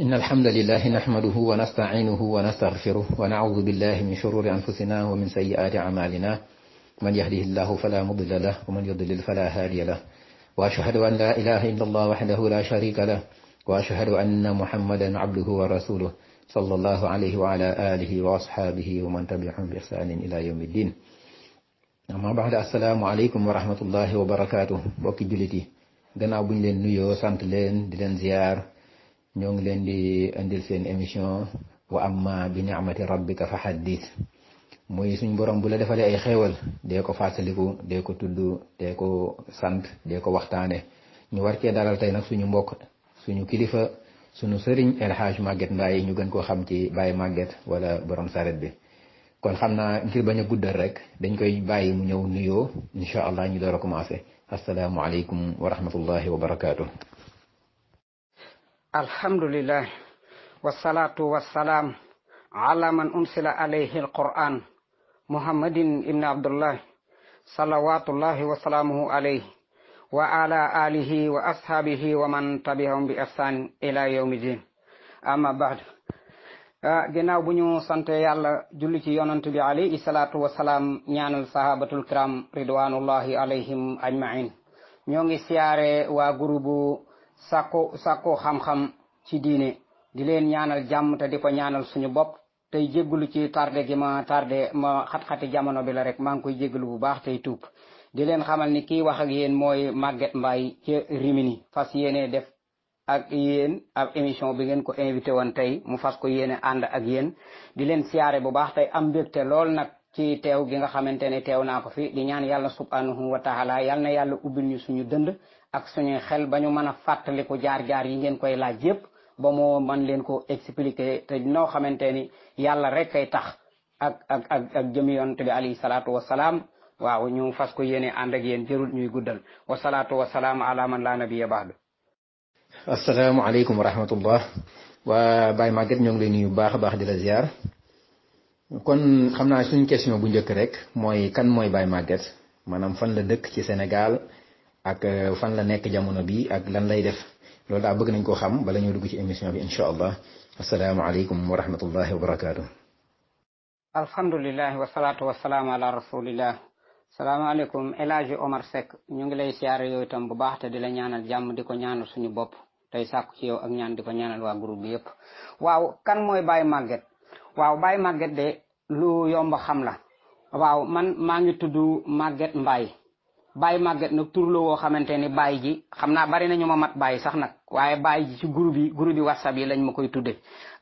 إن الحمد لله نحمده ونستعينه ونستغفره ونعوذ بالله من شرور أنفسنا ومن سيئات أعمالنا من يهده الله فلا مضل له ومن يضلل فلا هادي له وأشهد أن لا إله إلا الله وحده لا شريك له وأشهد أن محمدا عبده ورسوله صلى الله عليه وعلى آله وأصحابه ومن تبعهم بإحسان إلى يوم الدين أما بعد السلام عليكم ورحمة الله وبركاته وكجلتي جناب yi gannaaw buñ leen nuyoo sant ñoo ngi leen di indil seen émission wa amma bi ni'mati rabbika fa xaddis muy suñ borom bu la defalee ay xéewal dee ko fàttaliku dee ko tudd dee ko sant dee ko waxtaane ñu war cee dalal nag suñu mbokk suñu kilifa suñu sëriñ El Hadj Maguette ñu gën koo xam ci Baye Maguette wala borom saret bi kon xam naa ngir bañ a guddal rek dañ koy bàyyi mu ñëw nuyoo incha allah ñu door a commencé asalaamualeykum wa rahmatullahi wa barakaatu. الحمد لله والصلاة والسلام على من أنزل عليه القرآن محمد بن عبد الله صلوات الله وسلامه عليه وعلى آله وأصحابه ومن تبعهم بإحسان إلى يوم الدين أما بعد ginnaaw bu ñu sante yàlla julli ci yonant bi alayhi salaatu wasalaam ñaanal sahabatul kiram ridwanullahi alayhim ajmain ñoo ngi siyaare waa gurubu sako sàkku xam-xam ci diine di leen ñaanal jàmm te di ko ñaanal suñu bopp tey jégalu ci tardé gi ma tardé ma xat-xati jamono bi la rek maa ngi koy jégalu bu baax tey tuub di leen xamal ni kii wax ak yéen mooy Maguette Mbaye ca Rimini fas yéene def ak yéen ab émission bi ngeen ko invité woon tey mu fas ko yéene ànd ak yéen di leen siyaare bu baax tey am mbégte lool nag ci teew gi nga xamante ne teew naa ko fi di ñaan yàlla subhanahu wa taala yàlla na yàlla ubbil ñu suñu dënd ak suñu xel bañu mëna fatali ko jaar-jaar yi ngeen koy laaj yépp ba mo man leen ko expliquer te no xamante yalla rek kay tax ak ak ak ak jëmi yonte bi ali salatu wassalam waaw ñu fas ko yene and ak yéen jërul ñuy guddal salatu wassalam ala man nabiyya ba'du assalamu alaykum wa rahmatullah waa Baye Maguette ñoo ngi nuyu baax baax di la ziar kon xamna suñu question bu ñëk rek moy kan mooy Baye Maguette manam fan la dëkk ci Sénégal ak eh, fan la nek jamono bi ak lan lay def lolou da bëgg nañ ko xam bala ñu dugg ci émission bi insha allah assalaamu alaykum wa rahmatullahi wa barakatuh alhamdulillah wa salatu wa salam ala rasulillah alaykum elage omar sek ñu ngi lay siar yow itam bu baax te di la ñaanal jàmm diko ko ñaanal suñu bop tay sakku ci yow ak ñaan diko ñaanal wa groupe bi yépp waaw kan moy bay magget waaw bay magget de lu yomb xam la waaw man ma ngi tuddu magget Mbaye Bay magget nak turlo wo xamanteni ni gi ji bari nañu ma mat bàyyi sax nak waye bàyyi ji ci groupe bi groupe bi whatsapp yi lañ ma koy tuddé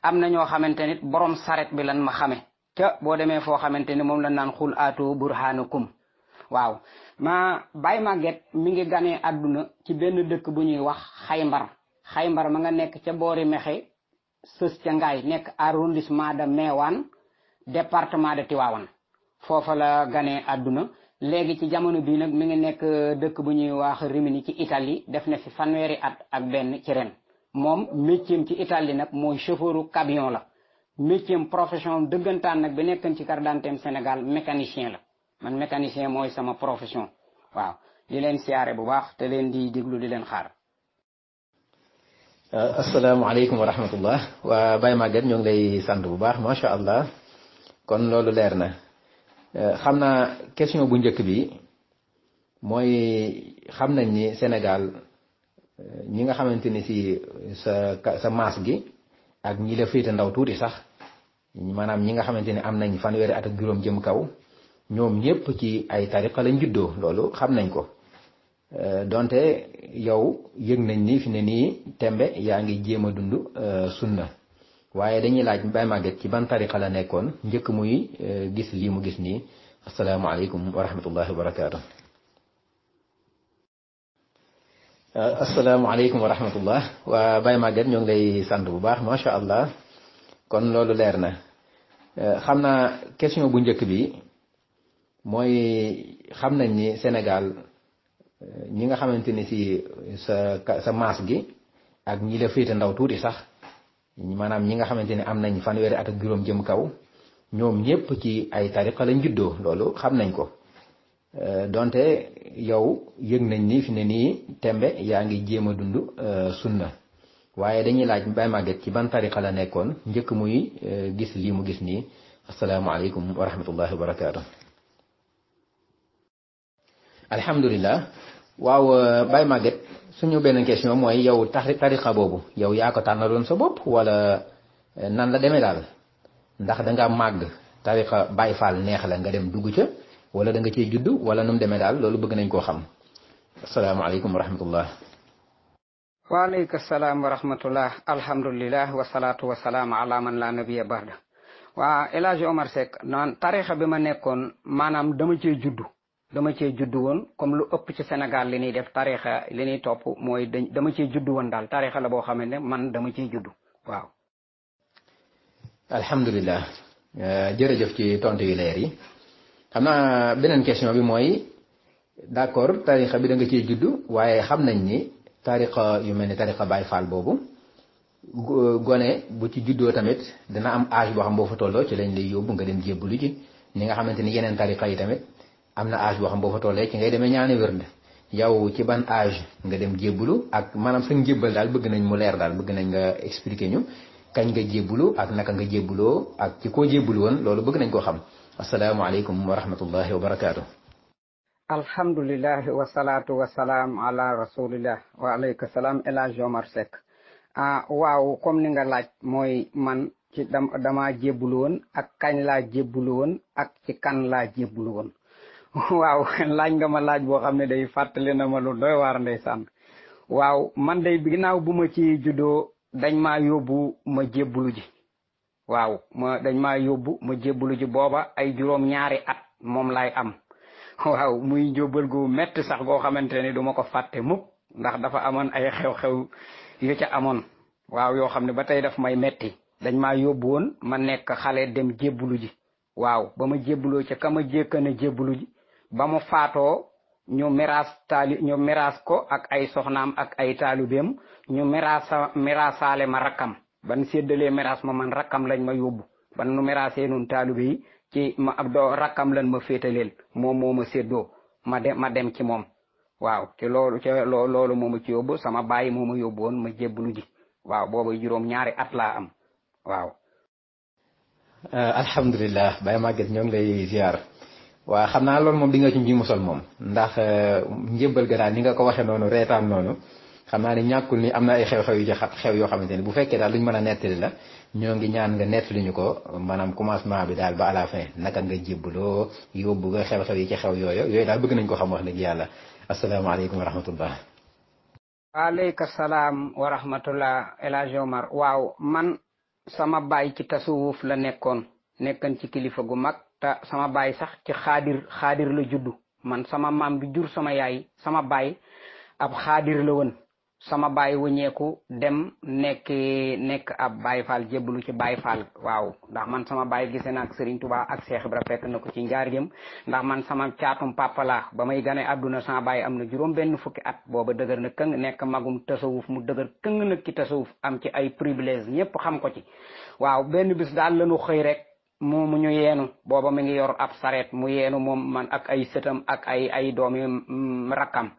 am na xamanteni borom saret bi lañ ma xamé ca bo démé fo xamanteni mom moom lañ naan xul ato burhanakum ma bàyyi magget mi ngi gané aduna ci benn dëkk bu ñuy wax khaymar khaymar ma nga nekk ca boori mexé sos ca ngaay nekk arrondissement de mewan département de tiwawan la gané aduna léegi ci jamono bii nag mi ngi nekk euh, dëkk bu ñuy waax Rimini ci itali def na fi fanweeri at ak benn ci ren moom métier ci Italie nag mooy chauffeuru camion la métier profession dëggantaan nag bi nekkan ci carte d'identité Sénégal mécanicien la man mécanicien mooy sama profession waaw di leen siyaare bu baax te leen di déglu di leen xaar. Euh, asalaamaaleykum wa rahmatullah waa Baye Maguette ñoo ngi lay sant bu baax macha allah kon loolu leer na. Euh, xam naa question bu njëkk bi mooy xam nañ ni senegal euh, ñi nga xamante ni si sa sa maas gi ak ñi la féete ndaw tuuti sax maanaam ñi nga xamante ni am nañ fanweeri at ak juróom jëm kaw ñoom ñëpp ci ay tariqa lañ juddoo loolu xam nañ ko euh, donte yow yëg nañ ni fi ne nii tembe yaa ngi jéem a dund sunna waye dañuy laaj bay magget ci ban tariqa la nekkoon njëkk muy e, gis li mu gis assalamu alaykum wa rahmatullahi wa assalamu alaykum wa rahmatullah wa bay magget ñong lay sant bu baax sha allah kon lolu leer na e, xamna question bu njëkk bi moy xamnañ ni Senegal. E, ñi nga xamanteni ci si sa sa maas gi ak ñi la ndaw tuti sax. maanaam ñi nga xamante ne am nañ fanweeri at ak juróom jëm kaw ñoom ñëpp ci ay tariqa lañ juddoo loolu xam nañ ko euh, donte yow yëg nañ ni fi ne nii tembe yaa ngi jéem a dund euh, sunna waaye dañuy laaj Baye ci ban tariqa la nekkoon njëkk muy euh, gis lii mu gis nii asalaamaaleykum wa rahmatullahi wa barakaatu. waaw Baye suñu benn question mooy yow tax tariqa boobu yow yaa ko tànnaloon sa bopp wala eh, nan la demee daal ndax da nga màgg tariqa Baay Faal neex la nga dem dugg ca wala da nga cee judd wala nu mu demee daal loolu bëgg nañ koo xam asalaamaaleykum wa rahmatullah waaleykum salaam wa rahmatullah alhamdulilah wasalaatu wasalaam ala man laa nabiya barda waa El Hadj Omar Seck naan tarixa bi ma nekkoon maanaam dama cee juddu dama cee judd woon comme lu ëpp ci Sénégal li ñuy def tarixa li ñuy topp mooy dama cee judd woon daal tarixa la boo xam ne man dama cee judd waaw. alhamdulilah jërëjëf ci tontu yu leer yi xam naa beneen question bi mooy d'accord tarixa bi da nga cee judd waaye xam nañ ni tarixa yu mel ni tarixa Baye Fall boobu gone bu ci juddoo tamit dana am âge boo xam boo fa tolloo ci lañ lay yóbbu nga dem jébbalu ci ñi nga xamante ni yeneen tarixa yi tamit. amna na âge boo xam bo fa tollee ci ngay demee ñaané wér nde yow ci ban âge nga dem jébbulu ak manam sëñ djébal dal bëgg nañ mu leer dal bëgg nañ nga expliquer ñu kañ nga jébbulu ak naka nga jébbuloo ak ci ko jébbulu won lolu bëgg nañ ko xam assalamu alaykum wa rahmatullahi wa barakatuh wa salatu wa salam ala rasulillah wa alayka salam ila jomar sek ah waaw comme ni nga laaj moy man ci dama jébbulu won ak kañ la jébbulu won ak ci kan la jébbulu won waaw laaj nga ma laaj boo xam ne day fàttali na ma lu doy waar ndeysaan waaw man day ginnaaw bu ma ci juddoo dañ maa yóbbu ma jébbulu ji waaw ma dañ maa yóbbu ma jébbulu ji booba ay juróom ñaari at moom laay am waaw muy njóbbal gu metti sax goo xamante ni du ma ko fàtte mukk ndax dafa amoon ay xew-xew yu ca amoon waaw yoo xam ne ba daf may metti dañ maa yóbbu woon ma nekk xale dem jébbulu ji waaw ba ma ca ka ma jékkan ji ba mu faatoo ñu miraas taali ñu miraas ko ak ay soxnaam ak ay taalubeem ñu miraasa miraasaale ma rakkam ban séddalee miraas ma man rakkam lañ ma yóbbu ban nu miraasee nun taalube ci ma ab doo rakkam lañ ma féetaleel moom moo ma séddoo ma dem dem ci moom waaw te loolu te loolu moo ci yóbbu sama baay moo ma yóbbu ma jébbalu ji waaw boobu juróom ñaari at laa am waaw euh, alhamdulilah Baye Maguette ñoo ngi lay waaw xam naa loolu moom di nga ci ñu musal moom ndax euh, njëbbal ga daal ni nga ko waxee noonu reetaan noonu xam naa ne ñàkkul ni am na ay xew-xew yu ci xew yoo xamante ni bu fekkee daal luñ mën a nettali la ñoo ngi ñaan nga nettali ñu ko maanaam commencement bi daal ba à la fin naka nga jébbaloo yóbbu nga xew-xew yi ci xew yooyu yooyu daal bëgg nañ ko xam wax dëgg yàlla asalaamaaleykum wa rahmatullah waaleyka salaam wa rahmatullah El Hadj Omar waaw man sama baay ci tasawuf la nekkoon nekkan ci kilifa gu mag ta sama bay sax ci khadir khadir la juddu man sama mam bi jur sama yaay sama bay, ab khadir la won sama bay wëñeeku dem nek nek ab bay fal jébbalu ci bay fal, wow, ndax man sama bay gisee naag Serigne Touba ak Cheikh ibrahim fek nako ci ndiar gem ndax man sama tiatum papa la bamay may gane sama bay amna na juróom benn fukki at bobu dëgër na keng nek magum tasawuf mu dëgër keng na ki tasawuf am ci ay privilège ñepp xam ko ci waw benn bis dal lañu xey rek mu ñu yeenu booba mi ngi yor ab sareet mu yeenu moom man ak ay sëtam ak ay ay doomi mm, rakkam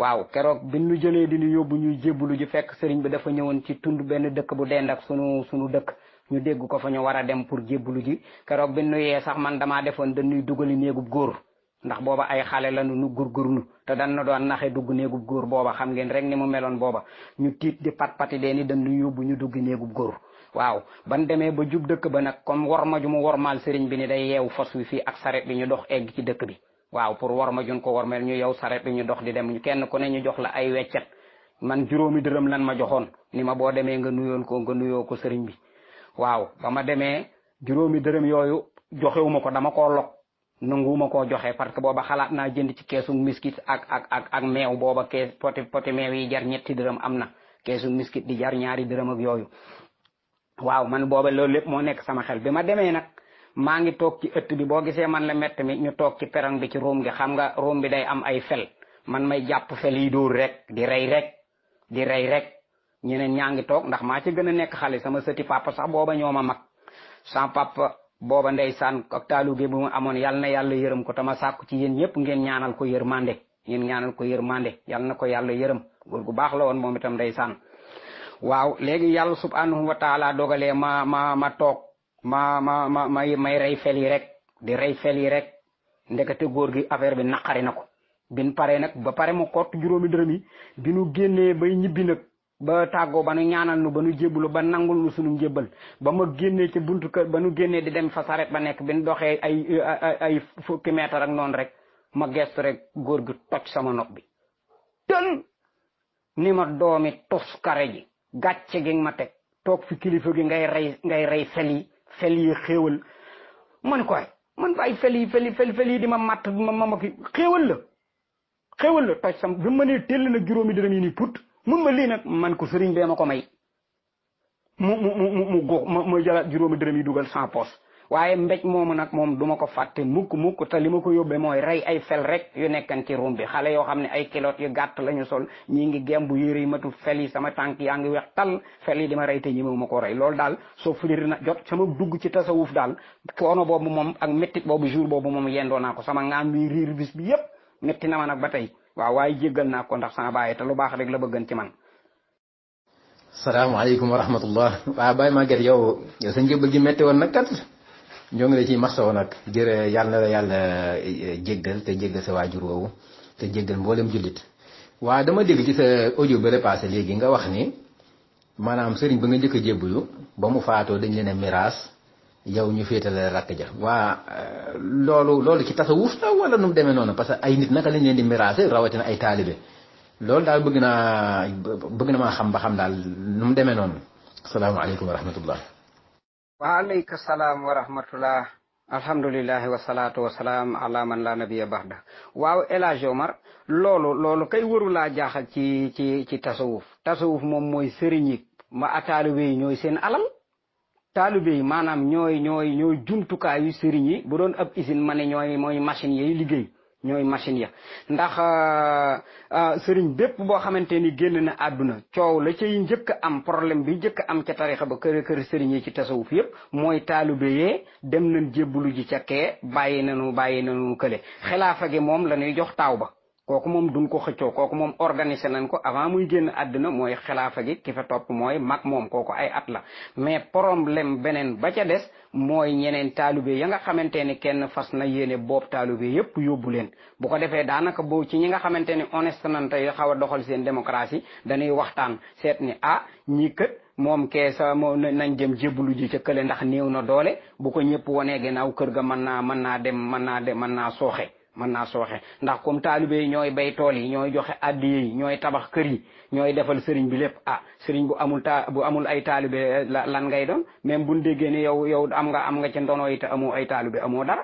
waaw keroog bi ñu jëlee di ñu yóbbu ñu jébbalu ji fekk sëriñ bi dafa ñëwoon ci tund benn dëkk bu dend ak sunu sunu dëkk ñu dégg ko fa ñu war a dem pour jébbalu ji keroog bi ñu yee sax man damaa defoon dañuy dugali néegub góor ndax booba ay xale la nu nu te dan na doon naxe dugg néegub góor booba xam ngeen rek ni mu meloon booba ñu tiit di pat pati dee ni dañuy yóbbu ñu dugg néegub góor waaw ban demee ba jub dëkk ba nag comme worma ju mu wormaal sëriñ bi ni day yeew fas wi ak saret bi ñu dox egg ci dëkk bi waaw pour worma jun ko wormeel ñu yow saret bi ñu dox di dem kenn ku ne ñu jox la ay weccet man juróomi dërëm lan ma joxoon ni ma boo demee nga nuyoon ko nga nuyoo ko sëriñ bi waaw ba ma demee juróomi dërëm yooyu joxewuma ko dama koo lok nanguma ko joxe parce que booba xalaat naa jënd ci keesu miskit ak ak ak ak meew booba kees poti poti meew yi jar ñetti dërëm am na miskit di jar ñaari dërëm ak yooyu waaw man booba loolu lépp moo nekk sama xel bi ma demee nag maa ngi toog ci ëtt bi boo gisee man la metti mi ñu toog ci perang bi ci room gi xam nga room bi day am ay fel man may jàpp fel yi dóor rek di rey rek di rey rek ñeneen ñaa ngi ndax maa ci gën a nekk xale sama sëti papa sax booba ñoo ma mag sans papa booba ndeysaan ak taaluge bu mu amoon yal na yàlla yërëm ko tama sàkku ci yéen ñëpp ngeen ñaanal ko yërmande ngeen ñaanal ko yërmande yal na ko yàlla yërëm góor gu baax la woon moom itam waaw léegi yàlla subhanahu wa taala dogalee ma ma ma toog ma ma ma may may rey fel yi rek di rey fel yi rek ndekete góor gi affaire bi naqari na bin pare nag ba pare mu kott juróomi dërëm yi bi nu génnee bay ñibbi nag ba tàggoo ba nu ñaanal nu ba nu ba nangul nu sunu njébbal ba ma génnee ci buntu kër ba nu génnee di dem fa saret ba nekk bin doxee ay ay fukki meetar ak noonu rek ma gestu rek góor gi toj sama nopp bi tën ni ma doomi toskare gàcce gi ma toog fi kilifa gi ngay rey ngay rey fel yi fel yi xéewal man koy man bàyyi fel yi fel di ma matt ma ma ma ki xéewal la xéewal la toj sam bi ma nee tell nag juróomi dërëm yi ni put mun ma lii man ko sëriñ bee ma ko may mu mu mu mu ma ma juróomi dërëm yi dugal sans poche waaye mbéj moomu nag moom duma ko fàtte mukk mukk te li ma ko yóbbee mooy rey ay fel rek yu nekkan ci bi xale yoo xam ne ay kilot yu gàtt lañu sol ñi gem gemb yëre yi matul fel yi sama tànk yaa ngi weex tal fel yi dima rey te ñemewu ma ko rey loolu daal souffrir na jot sama dugg ci tasawuf daal coono boobu moom ak métti boobu jour boobu moom yendoo naa ko sama ngaam mi riir bis bi yépp métti na ma nag ba tey waaw waaye jéggal naa ko ndax sama bàyyi te lu baax rek la bëggan ci man salaamaaleykum wa rahmatullah waaw Baye Maguette yow yow sa nag kat ñoo ngi la ciy masawoon nag jërë eh, yàlla la yàlla eh, jéggal te jéggal sa waajur woowu te jéggal mboolem jullit waa dama dégg ci sa audio bi repassé léegi nga wax ni maanaam sëriñ ba nga njëkk jébb yu ba mu faatoo dañ leen a miraas yow ñu féetale rakk ja waa eh, loolu loolu ci tasawuf la wala nu mu demee noonu parce que ay nit naka lañ leen di miraase rawatina ay taalibe loolu daal bëgg naa bëgg na maa xam ba xam daal nu mu demee noonu asalaamaaleykum wa rahmatullah waaleykum salaam wa rahmatullah alhamdulilahi wasalaatu wasalaam laa man la nabiya baxda waaw El Hadj Omar loolu loolu kay waru laa jaaxal ci ci ci tasawuf tasawuf moom mooy sëriñ yi ma ataalibe yi ñooy seen alal taalibe yi maanaam ñooy ñooy ñooy jumtukaayu sëriñ yi bu doon ab usine ma ne ñooy mooy machine yi liggéey ñooy machine ya ndax euh, euh, sëriñ bépp boo xamante ni génn na àdduna coow la cay njëkk am problème bi njëkk am ca tarixa ba kër kër sëriñ yi ci tasawuf yépp mooy taalibe yee dem nañ jébbalu ji ca kee bàyyi nañu bàyyi nañu kële xilaafa gi moom la ñuy jox taaw ba koku mom duñ ko xëccio koku mom organiser nañ ko avant muy genn aduna moy khilafa gi kifa top moy mak mom koku ay at la mais problème benen ba ca des moy ñeneen taalibe ya nga xamante kenn fas na yene boob taalibe yépp yobulen bu ko defee daanaka bo ci ñi nga xamante ni honeste nan tey a doxal seen démocratie dañuy waxtaan sét ni ah ñi kët mom kee sa moo nañ dem jébbalu ji ci kele ndax neew na doole bu ko ñepp woné gënaaw kër ga man na man na dem man na dem man na soxé man na soxé ndax comme talibé ñoy bay tol yi ñoy joxé addi yi ñoy tabax kër yi ñoy défal sëriñ bi lépp ah sëriñ bu amul ta bu amul ay talibé eh, lan ngay doon même buñ déggé né yow yow am nga am nga ci ndono yi té amu ay talibé amu dara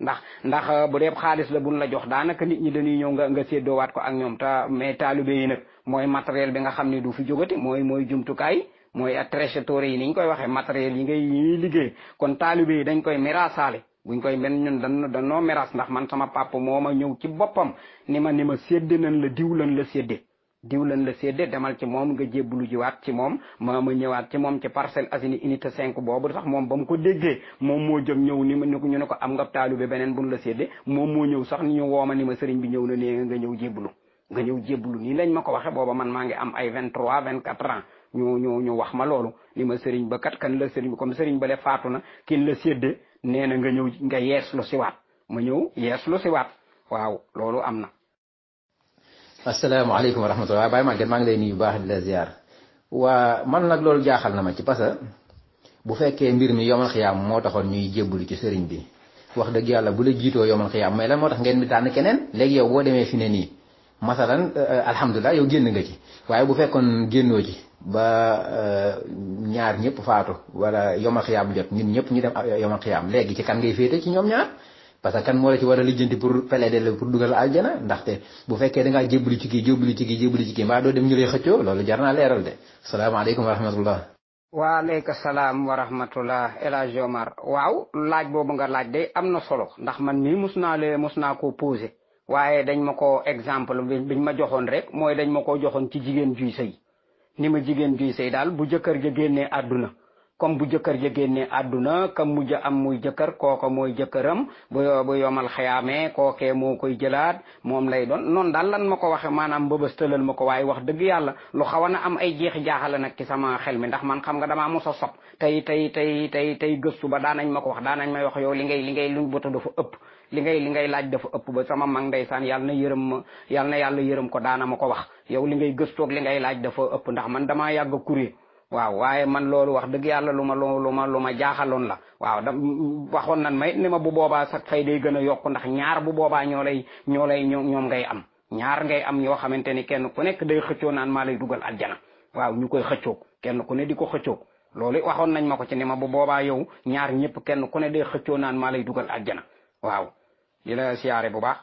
ndax ndax eh, bu dépp xaaliss la buñ la jox da naka nit ñi dañuy ñëw nga nga séddo wat ko ak ñom ta mais talibé yi nak moy matériel bi nga xam du fi moy moy jumtu kay moy trésorier yi ni ñu koy waxee matériel yi ngay liggé kon talibé dañ koy mirasalé buñ koy mel ñun dañ danoo meras ndax man sama papa moma ñew ci bopam ni ma ni ma sédde nañ la diw lañ la sédde diw lañ la sédde demal ci mom nga jébbulu jiwaat ci moom maa ma ñëwaat ci mom ci parcelle asini unité 5 bobu sax mom bam ko déggé mom mo jëm ñew ni ma ñu ne ko am nga taalube benen buñ la sédde mom mo ñew sax ñu wooma ni ma sëriñ bi ñew na né nga ñëw jébbulu nga ñëw jébbulu ni lañ mako waxé bobu man ma nga am ay 23 24 ans ñu ñu ñu wax ma lolu ni ma sëriñ ba kat kan la sëriñ comme sëriñ ba le faatu kin la sédde nee na nga ñëw nga yeeslu si waat ma ñëw yeeslu si waat waaw loolu am na. asalaamaaleykum wa rahmatulah Baye Maguette maa ngi lay nuyu bu baax di la ziar waa man nag loolu jaaxal na ma ci parce que bu fekkee mbir mi yomal xiyaam moo taxoon ñuy jébbalu ci sëriñ bi wax dëgg yàlla bu la jiitoo yomal xiyaam may lan moo tax ngeen mi tànn keneen léegi yow boo demee fi ne nii masalan euh, alhamdulilah yow génn nga ci waaye bu fekkoon génnoo ci. ba euh, ñaar ñëpp faatu wala yoma xiyaam jot ñun ñëpp ñu dem yoma xiyaam léegi ci kan ngay féete ci ñoom ñaar parce que kan moo la ci war a lijjanti pour plaider la pour dugal aljana ndaxte bu fekkee da ngaa jébbalu ci kii jébbalu ci kii jébbalu ci kii mbaa doo dem ñu lay xëccoo loolu jar naa leeral de salaamaaleykum wa rahmatullah waaleykum salaam wa rahmatullah El Hadj Omar waaw laaj boobu nga laaj de am na solo ndax man mii mos naa lee mos naa koo posé waaye dañ ma ko exemple biñ ma joxoon rek mooy dañ ma koo joxoon ci jigéen juy sëy ni jigéen juy sëy daal bu jëkkër ja génnee àdduna comme bu jëkkër ja génnee àdduna kam mujj am muy jëkkër kooka mooy jëkkëram bu bu yomal xayaamee kookee moo koy jëlaat moom lay doon noon daal lan ma ko waxe maanaam mbëbëstalal ma ko waaye wax dëgg yàlla lu xaw na am ay jeexi jaaxala na ci sama xel mi ndax man xam nga dama mos a sob tey tey tey tey tey gëstu ba daanañ ma ko wax daanañ may wax yow li ngay li ngay luñ bota dafa ëpp li ngay li ngay laaj dafa ëpp ba sama mag ndeysaan yàlla na yërëm ma yàlla na yàlla yërëm ko daana ma ko wax yow li ngay gëstoog li ngay laaj dafa ëpp ndax man damaa yàgg kure kuré waaw waaye man loolu wax dëgg yàlla lu ma lu ma lu ma jaaxaloon la waaw da waxoon nan may ne ma bu boobaa sax fay day gën a yokk ndax ñaar bu boobaa ñoo lay ñoo lay ñoom ngay am ñaar ngay am ñoo xamante ni kenn ku nekk day xëccoo naan maa lay dugal aljana waaw ñu koy xëccoo kenn ku ne di ko xëccoo loolu waxoon nañ ma ko ci ne ma bu boobaa yow ñaar ñëpp kenn ku ne day xëccoo naan maa lay dugal aljana waaw di la siyaare bu baax.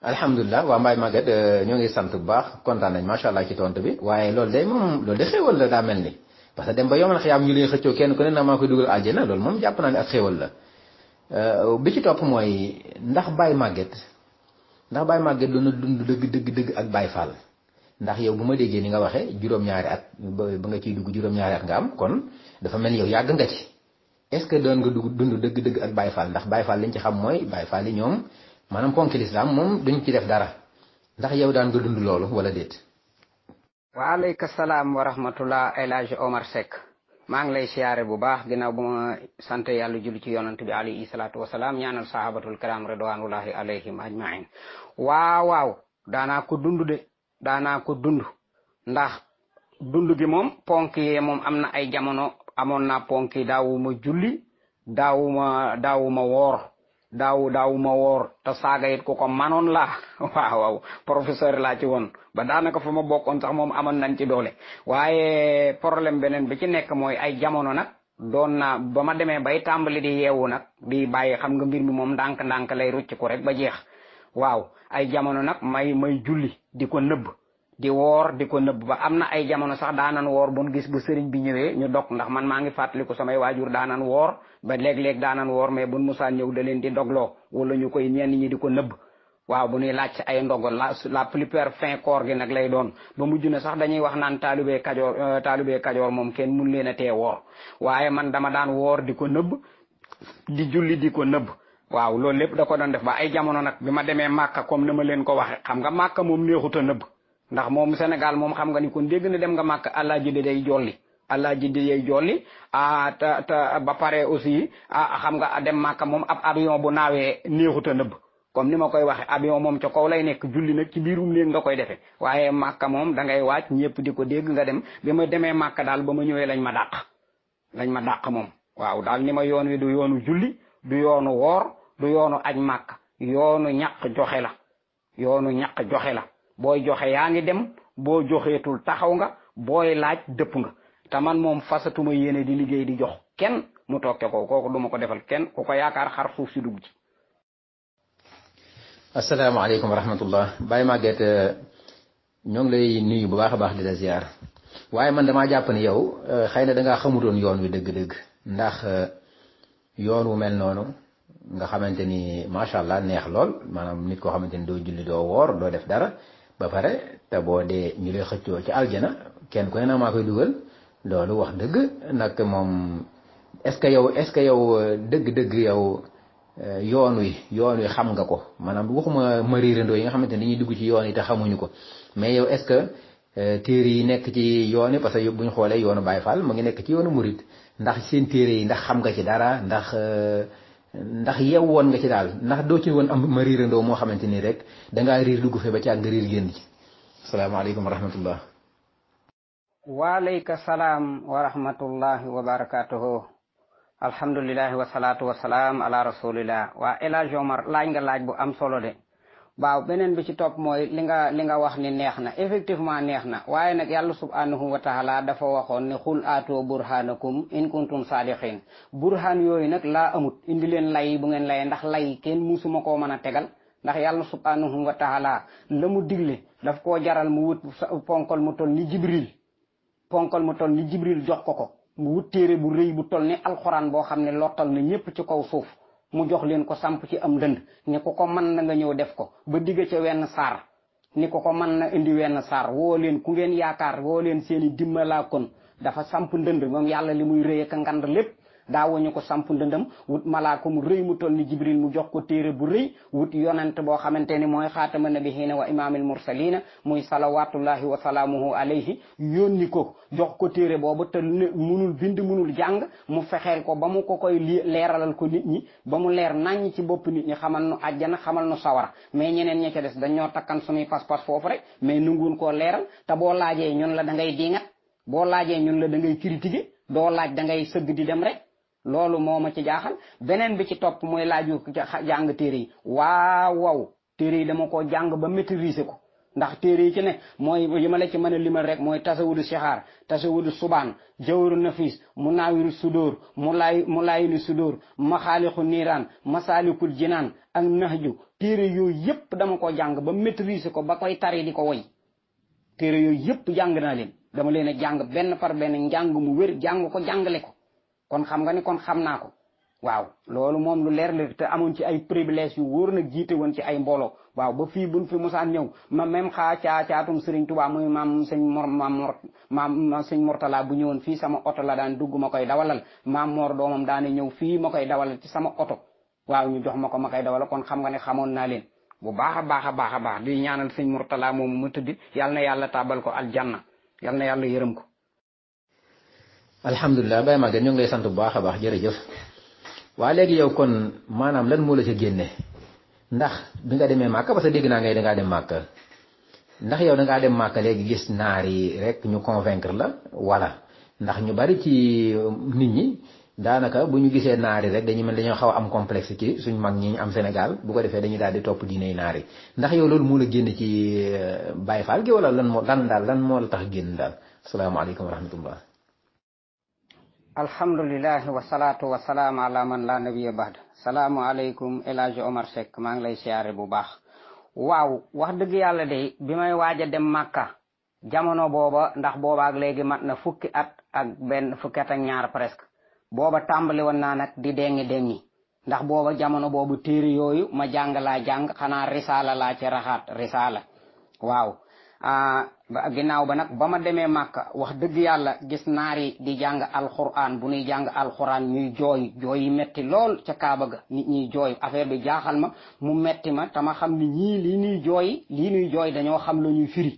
alhamdulilah waa Mbaye Maguette euh, ñoo ngi sant bu baax kontaan nañ macha allah ci tont bi waaye loolu day moom loolu de xéewal la daa mel ni parce que dem ba yomal xiyaam ñu lay xëccoo kenn ku ne na maa koy dugal àjjana loolu moom jàpp naa ne ak xéewal la euh, bi ci topp mooy ndax Baye Maguette ndax Baye Maguette doon dund dëgg dëgg dëgg ak baay Fall ndax yow bu ma déggee ni nga waxee juróom-ñaari at ba nga ciy dugg juróom-ñaari at nga am kon dafa mel yow yàgg nga ci est ce que doon nga dund dëgg-dëgg ak Baye Fall ndax Baye Fall liñ ci xam mooy Baye Fall yi ñoom maanaam ponk lislaam moom duñ ci def dara ndax yow daan nga dund loolu wala déet waaleyka salaam wa rahmatullah El Hadj Omar Seck maa ngi lay siyaare bu baax ginnaaw bu ma sant yàlla julli ci yonant bi alayhi wa wasalaam ñaanal sahabatul karam ridwanullahi alayhim ajmain waaw waaw daanaa ko dund de daanaa ko dund ndax dund gi moom ponk yee moom am na ay jamono amoon naa ponki majuli, julli ma dawu woor dawu dawu woor te saaga it wow, ko manon la waaw waaw professeur la ci won ba danaka fa ma sax moom nañ ci doole waaye problème benen bi ci nek moy ay jamono nak don na bama deme bay tambali di yewu nak di baye xam nga mbir mi mom dank mai lay rucc ko rek ba jeex waaw ay jamono nak may may julli di neub di wor di ko ba amna ay jamono sax nan wor bon gis bu serign bi ñewé ñu dok ndax man ma ngi fàttaliku samay da nan wor ba leg da nan wor mais bun musaa ñew da leen di doglo wala ñu koy ñi di ko nëbb waaw bu ñuy lacc ay ndogol la la plupart fin corps gi nak lay doon ba mujj na sax dañuy wax nan talibé kadior talibé kadior euh, mom kenn mun leena té wor waye man dama daan wor di ko di julli di ko waaw lool lepp da ko doon def ba ay jamono nak bima démé makka comme nama leen ko waxe xam nga makka mom neexuta neub ndax moom senegal moom xam nga ni kon dégg na dem nga màkk alaaji di day jolli alaaji di day jolli a ah, ta ta ba pare aussi a ah, xam nga dem màkk moom ab avion bu naawee ta nëbb comme ni ma koy waxe avion moom ca kaw lay nekk julli nag ci biirum néeg nga koy defe waaye màkka moom da ngay wàcc ñëpp di ko dégg nga dem bi ma demee màkka daal ba ma ñëwee lañ ma dàq lañ ma dàq moom waaw daal ni ma yoon wi du yoonu julli du yoonu woor du yoonu aj màkk yoonu ñàq joxe la yoonu ñàq joxe la booy joxe yaa ngi dem boo joxeetul taxaw nga booy laaj dëpp nga te man moom fasatuma yéene di liggéey di jox kenn mu toog te ko kooku duma ko defal kenn ku ko yaakaar xar suuf si dugg ci. asalaamaaleykum wa rahmatullah Baye Maguette euh, ñoo ngi lay nuyu bu baax a baax di la ziar waaye man damaa jàpp ni yow euh, xëy na danga ngaa xamutoon yoon wi dëgg-dëgg ndax euh, yoon wu mel noonu nga xamante ni macha allah neex lool maanaam nit koo xamante ni doo julli doo woor doo def dara. ba pare te boo dee ñu lay xëccoo ci aljana kenn ku ne na maa koy dugal loolu wax dëgg nag moom est-ce que yow est-ce que yow euh, dëgg-dëgg yow euh, yoon wi yoon wi xam nga ko maanaam waxuma ma réerandoo yi nga xamante ne dañuy dugg ci yoon yi te xamuñu ko mais yow est que euh, téere yi nekk ci yoon yi parce que buñ xoolee yoonu Baye Fall mu ngi nekk ci yoonu Mouride ndax seen téere yi ndax xam nga ci dara ndax. ndax yew woon nga ci daal ndax doo ci woon am ma riirandoo moo xamante nii rek dangaa riir dugg fe ba ci ak nga riir génn ci asalaamaaleykum wa rahmatullah waaleyka salaam wa rahmatullahi wa barakatuhu alhamdulilahi wasalaatu wasalaam ala laaj nga laaj bu am solo de waaw beneen bi ci topp mooy li nga li nga wax ni neex na effectivement neex na waaye nag yàlla subhanahu wa taala dafa waxoon ne xul aatoo burhanakum in kuntum saadiqin burhan yooyu nag laa amut indi leen lay bu ngeen lay ndax lay ken musuma koo mën a tegal ndax yàlla subhanahu wa taala la mu digle daf koo jaral mu wut ponkol mu toll ni jibril ponkol mu toll ni jibril jox ko ko mu wut téere bu rëy bu tol ni alxuraan boo xam ne lottal na ñépp ci kaw suuf mu jox leen ko samp ci am dënd ni ko ko mën na nga ñëw def ko ba digg ca wenn saar ni ko ko mën na indi wenn saar woo leen ku ngeen yaakaar woo leen seeni dimbalaa kon dafa samp ndënd moom yàlla li muy rëy ak ngand lépp daawuñu ko samp ndëndëm wut malakum mu rëy mu tolni jibril mu jox ko téré bu rëy wut yonent bo xamanteni ni mooy nabihiina wa imamil mursalina muy salawatullahi wa salaamuhu alayhi yonni ko jox ko téré bobu te munul bind munul jang mu fexel ko bamu ko koy leeralal ko nit ñi bamu mu leer nañ ci bop nit ñi xamal nu aljana xamal nu sawara mais ñeneen ñi ca dess dañoo takkan suñuy pas-pas foofu rek mais nunguun ko leeral ta bo laaje ñun la da ngay diingat bo laaje ñun la da ngay critiquer do laaj da ngay seug di dem rek lolu moma ci jaxal benen bi ci top moy laaju jang téré waaw waaw téré dama ko jang ba maîtriser ko ndax téré ci ne moy yima la ci mën limal rek moy tasawudu sixaar tasawudu suban jawru nafis munawiru sudur, mulay mu sudur, mu niran sudóor jinan, ak nahju téré yooyu yépp dama ko jang ba maîtriser ko ba koy tari diko woy téré yooyu yépp jang na len dama leena jang ben par ben jang mu wër jang ko jangale ko kon xam nga ni kon xam naa ko waaw loolu lu leer la te amoon ci ay privilèges yu wóor na jiite woon ci ay mbolo waaw ba fii buñ fi musaan ñëw ma même xaa caa caatum sëriñ tuba muy maam sëñ mor maam mor maam sëñ mortala bu ñëwoon fii sama oto la daan dugg ma koy dawalal maam mor doomam daane ñëw fii ma koy dawalal ci sama oto waaw ñu jox ma ko ma koy dawalal kon xam nga ne xamoon naa leen bu baax a baax baax di ñaanal sëñ mortala mu tëdd yàlla na yàlla tàbbal ko aljanna yàlla na yàlla yërëm ko Alhamdulillah, Baye Maguette ñu ngi lay sant bu baax a baax jërëjëf waa léegi yow kon maanaam lan moo la ca génne ndax bi nga demee màkka parce que dégg naa ngay dangaa dem màkka ndax yow dangaa dem màkka léegi gis naar yi rek ñu convaincre la wala ndax ñu bari ci euh, nit ñi daanaka bu ñu gisee naar yi rek dañuy mel dañoo xaw am complexe ci suñ mag ñi am Sénégal bu ko defee dañuy daal di topp diiney naar yi ndax yow loolu moo la génn ci euh, Baye Fall gi wala lan moo lan daal lan moo la tax génn daal asalaamaaleykum wa rahmatullah alhamdulillah wasalaatu wasalaam ala man la nabiyya ba'd salaamualeykum El Hadj Omar sek ma ngi lay siaré bu baax waaw wax deug yalla de bi may waja dem makkah jamono boba. ndax boba ak léegi mat na fukki at ak ben fukki at ak ñaar presque boba tambali won na nak di dengi dengi ndax boba jamono bobu téré yoyu ma jang la jang xana risala la ci waaw ah, ba ginnaaw ba nag ba ma demee màkka wax dëgg yàlla gis naari di jàng alxuraan bu ñuy jàng alxuraan ñuy jooy jooy yi metti lool ca kaaba ga nit ñuy jooy affaire bi jaaxal ma mu metti ma tama xam ni ñii lii ñuy jooy lii ñuy jooy dañoo xam la ñuy firi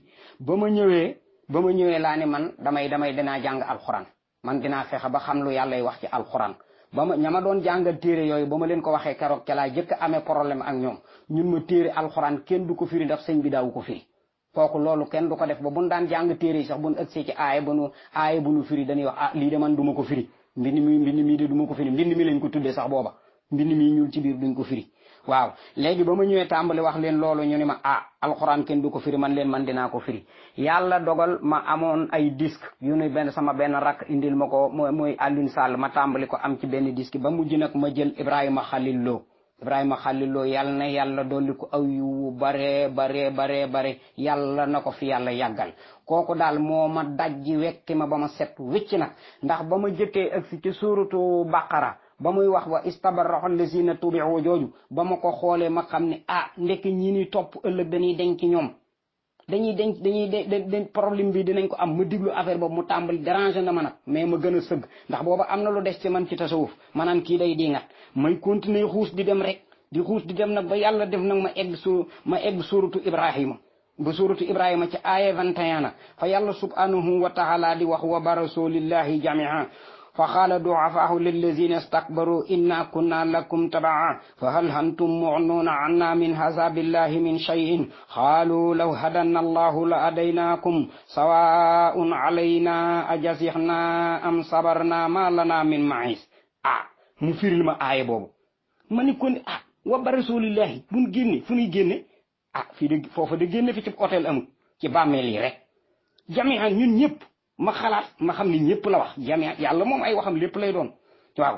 ba ma ñëwee ba ma ñëwee laa ne man damay damay dinaa jàng alxuraan man dinaa fexe ba xam lu yàllay wax ci alxuraan ba ma ña ma doon jàngal téere yooyu ba ma leen waxee keroog ca jëkk amee problème ak ñoom ñun ma téere alxuraan kenn du ko firi ndax sëñ bi daawu ko firi koku lolou ken duko def ba buñ daan jang téré sax buñ ëgsee ci aaya bu nu ay bu nu firi dañuy wax ah lii de man duma ko firi mbind mi mbind mi de duma ko firi mbind mi lañ ko tuddé sax booba mbind mi ñul ci biir duñ ko firi waaw légui bama ñëwé tambalé wax leen lolou ñu ni ma ah alcorane ken duko firi man leen man dina ko firi yalla dogal ma amon ay disque yu ne ben sama ben rak indil mako moy moy Alioune Sall ma tambali ko am ci ben disque ba mujj nak ma jël Ibrahima Khalil Lo Ibrahima Xaliloo yal na yàlla dolli ko aw yu bare bare bare bare yàlla na ko fi yàlla yàggal kooku daal moo ma dajji wekki ma ba ma set wicc nag ndax ba ma jëkkee ak si ci suuratu baqara ba muy wax wa istabaraxol lazina tubiu jooju ba ma ko xoolee ma xam ne ah ndekk ñi ni topp ëllëg dañuy denc ñoom dañuy denc dañuy de problème bi dinañ ko am ma diglu affaire boobu mu tàmbali dérangé na ma nag mais ma gën a sëgg ndax booba am na lu des ci man ci tasawuf ma naan kii day diingat may continuer xuus di dem rek di xuus di dem nag ba yàlla def nag ma egg su ma egg suuratu Ibrahima ba suuratu Ibrahima ci aaya 21 fa yàlla subhanahu wa taala di wax wa barasoo lillahi jamia فقال ضعفاه للذين استكبروا إنا كنا لكم تبعا فهل أنتم معنون عنا من عذاب الله من شيء قالوا لو هدنا الله لأديناكم سواء علينا أجزحنا أم صبرنا ما لنا من معيس آه مفير ما آية بابا من يكون آه وبرسول الله بون جيني فني جيني آه في فوفو دي جيني في تب أوتيل أمو كي باميلي رك جميعا نيب ma xalaat ma xam ni ñëpp la wax jamee yàlla moom ay waxam lépp lay doon waaw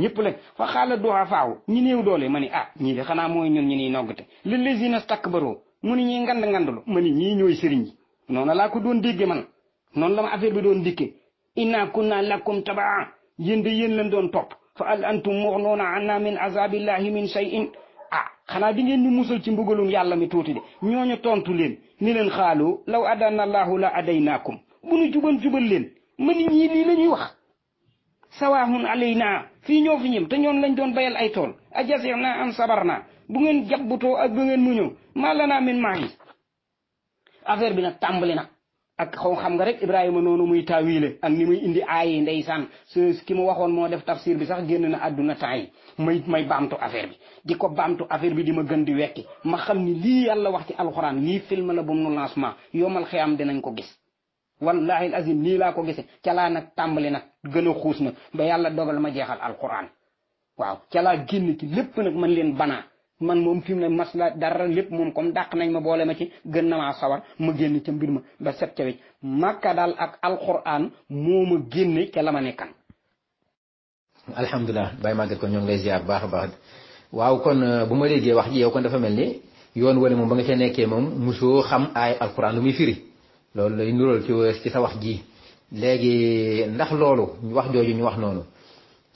ñëpp la fa xaala duha faaw ñi néew doole ma ni ah ñii de xanaa mooy ñun ñu niy noggate li lésina stakbaroo mu ni ñuy ngand ngandlu ma ni ñii ñooy sëriñ yi noonu laa ko doon dégge man noonu la ma affaire bi doon dikke inna kunna lakum taba yéen de yéen lañ doon topp fa al antum muxnuuna anna min azabillahi min shay'in a ah, xanaa di ngeen ñu musal ci mbugalum yàlla mi tuuti de ñooñu tontu leen ni leen xaalu law adanallahu la adaynaakum bu nu jubal jubal leen ma nit ñi lii la ñuy wax sawaahun alayna fii ñoo fi ñëm te ñoon lañ doon bayal ay tool ajasir naa am sabar naa bu ngeen jabbutoo ak bu ngeen muñoo maa la naa min maa ngi affaire bi nag tàmbali na ak xaw xam nga rek Ibrahima noonu muy taawiile ak ni muy indi aayi ndeysaan su ki mu waxoon moo def tafsir bi sax génn na àdduna temps yi may may baamtu affaire bi di ko baamtu affaire bi di ma gën di wekki ma xam ni lii yàlla wax ci alxuraan lii film la bu mu nu lancement ko gis wallahi al azim laa ko gisee ca laa nag tàmbali nag gën a xuus nag ba yàlla dogal ma jeexal alquran waaw calaa laa génn ci lépp nag man leen bana man moom fi mu ne masla dara lépp moom comme dàq nañ ma boole ma ci gën na maa sawar ma génn ca mbir ma ba set ca wecc màkka daal ak alquran moo ma génne ca la ma nekkan. alhamdulilah Baye Maguette ko ñoo ngi lay ziar baax a baax waaw kon euh, bu ma déggee wax ji kon dafa mel ni yoon wali moom ba nga ca nekkee moom mosoo xam ay alquran loolu lay nural ci wërs ci sa wax ji léegi ndax loolu wax jooju ñu wax noonu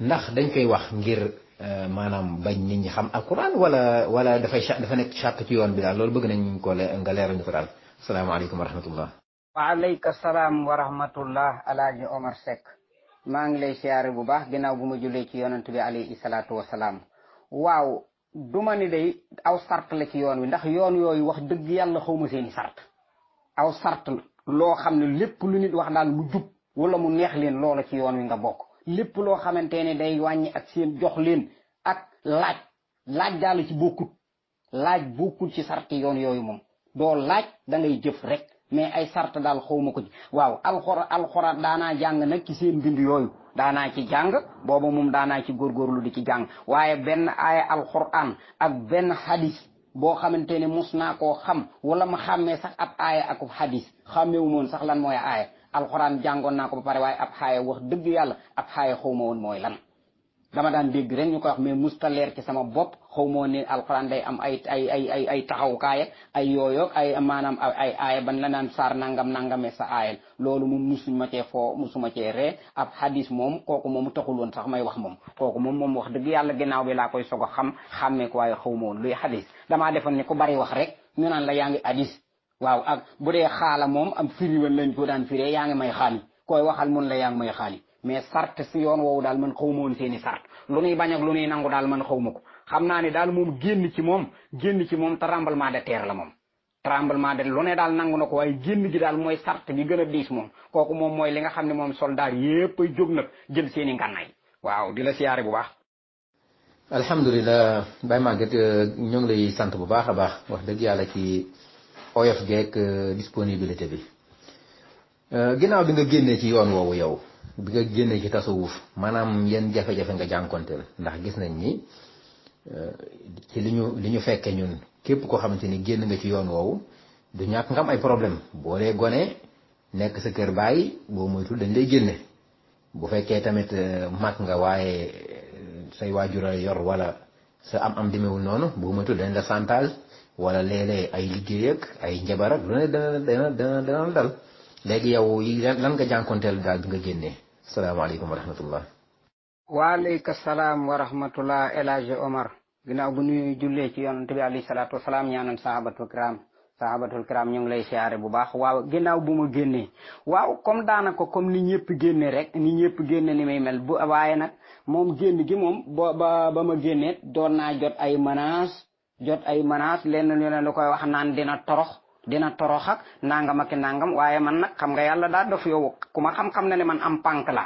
ndax dañ koy wax ngir euh, maanaam bañ nit ñi xam alquran wala wala dafay dafa nekk charte ci yoon bi daal loolu bëgg nañ ko nga leeral ñu ko daal salaamaaleykum wa rahmatullah waaleyka salaam wa rahmatullah alaaji Omar Seck maa ngi lay siyaare bu baax ginnaaw bu ma jullee ci yonent bi alayhi salaatu wasalaam waaw duma ni day aw sart la ci yoon wi ndax yoon yooyu wax dëgg yàlla xawma seeni sart aw sart la loo xam ne lépp lu nit wax daal mu jub wala mu neex leen loola ci yoon wi nga bokk lépp loo xamante ne day wàññi ak seen jox leen ak laaj laaj daal ci bokkut laaj bokkut ci sarti yoon yooyu moom doo laaj da ngay jëf rek mais ay sart daal xawma ko ci waaw alxora alxora daanaa jàng nag ci seen bind yooyu daanaa ci jàng booba moom daanaa ci góorgóorlu di ci jàng waaye benn aaya alxuraan ak benn hadis boo xamante ne mos naa koo xam wala ma xàmmee sax ab aaya akub hadis xàmmeewu moon sax lan mooy aaya alxuraan jàngoon naa ko pare waaye ab xaaya wax dëgg yàlla ab xaaya xawma woon mooy lan dama daan dégg rek ñu koy wax mais musta leer ci sama bopp xaw moo ne alxuraan day am ay ay ay ay ay taxawukaay ay yooyoog ay maanaam ay aaya ban la naan saar nangam nangame sa aayal loolu moom musuñ ma cee foo musuma cee ree ab hadis moom kooku moom taxul woon sax may wax moom kooku moom moom wax dëgg yàlla ginnaaw bi laa koy soog a xam xàmmee ko waaye xaw woon luy hadis damaa defoon ne ku bari wax rek ñu naan la yaa ngi hadis waaw ak bu dee xaala moom am firi woon lañ ko daan firee yaa ngi may xaani koy waxal mun la yaa ngi may xaani mais sart ci yoon woowu dal man xawmo won seeni sart lu nuy bañ ak lu nuy nangu dal man xawmako xamna ni dal mom genn ci mom genn ci mom tremblement de terre la mom tremblement de lu ne daal nangu nako way genn gi dal moy sart gi gëna a diis moom kooku moom mooy li nga xamni mom soldat yépp ay jóg nag jël seeni ngannaay waaw dila siyaré bu baax alhamdulilah Baye Maguette euh, ñu ngi lay sant bu baaxa baax wax dëgg yàlla ci oyof geek euh, disponibilité bi euh, ginaaw bi nga genné ci yoon woowu yow bi nga génnee ci tasawuf maanaam yenn jafe-jafe nga jànkonteel ndax gis nañ ni euh, ci li ñu li ñu fekkee ñun képp koo xamante ni génn nga ci yoon woowu du ñàkk nga am ay problème boo dee gone nekk sa kër bàyyi boo moytul dañ lay génne bu fekkee tamit euh, mag nga waaye euh, say waajur a yor wala sa am-am demewul noonu boo moytul dañ la santage wala léeg ay liggéey ak ay njabar lu ne dana dana dal legi yow yi lan nga jankontel dal nga genné assalamu alaykum wa rahmatullah alayka salaam wa rahmatullah elage omar ginaaw bu nuyu jullee ci yonante bi ali salatu wasalaam ñaanal sahabatul kiram sahabatul kiram ñu ngi lay siyaare bu baax waaw ginaaw bu mu genné waaw comme daanaka comme ni ñepp genné rek ni ñepp genné ni may mel bu waye ya nak mom genn gi mom ba ba ma genné doon jot ay menace jot ay menace lenn ñu ne la koy wax naan dina torox dina torox ak nangam ak nangam waye man nak xam nga yalla da dof yow kuma xam-xam na ne man am pank la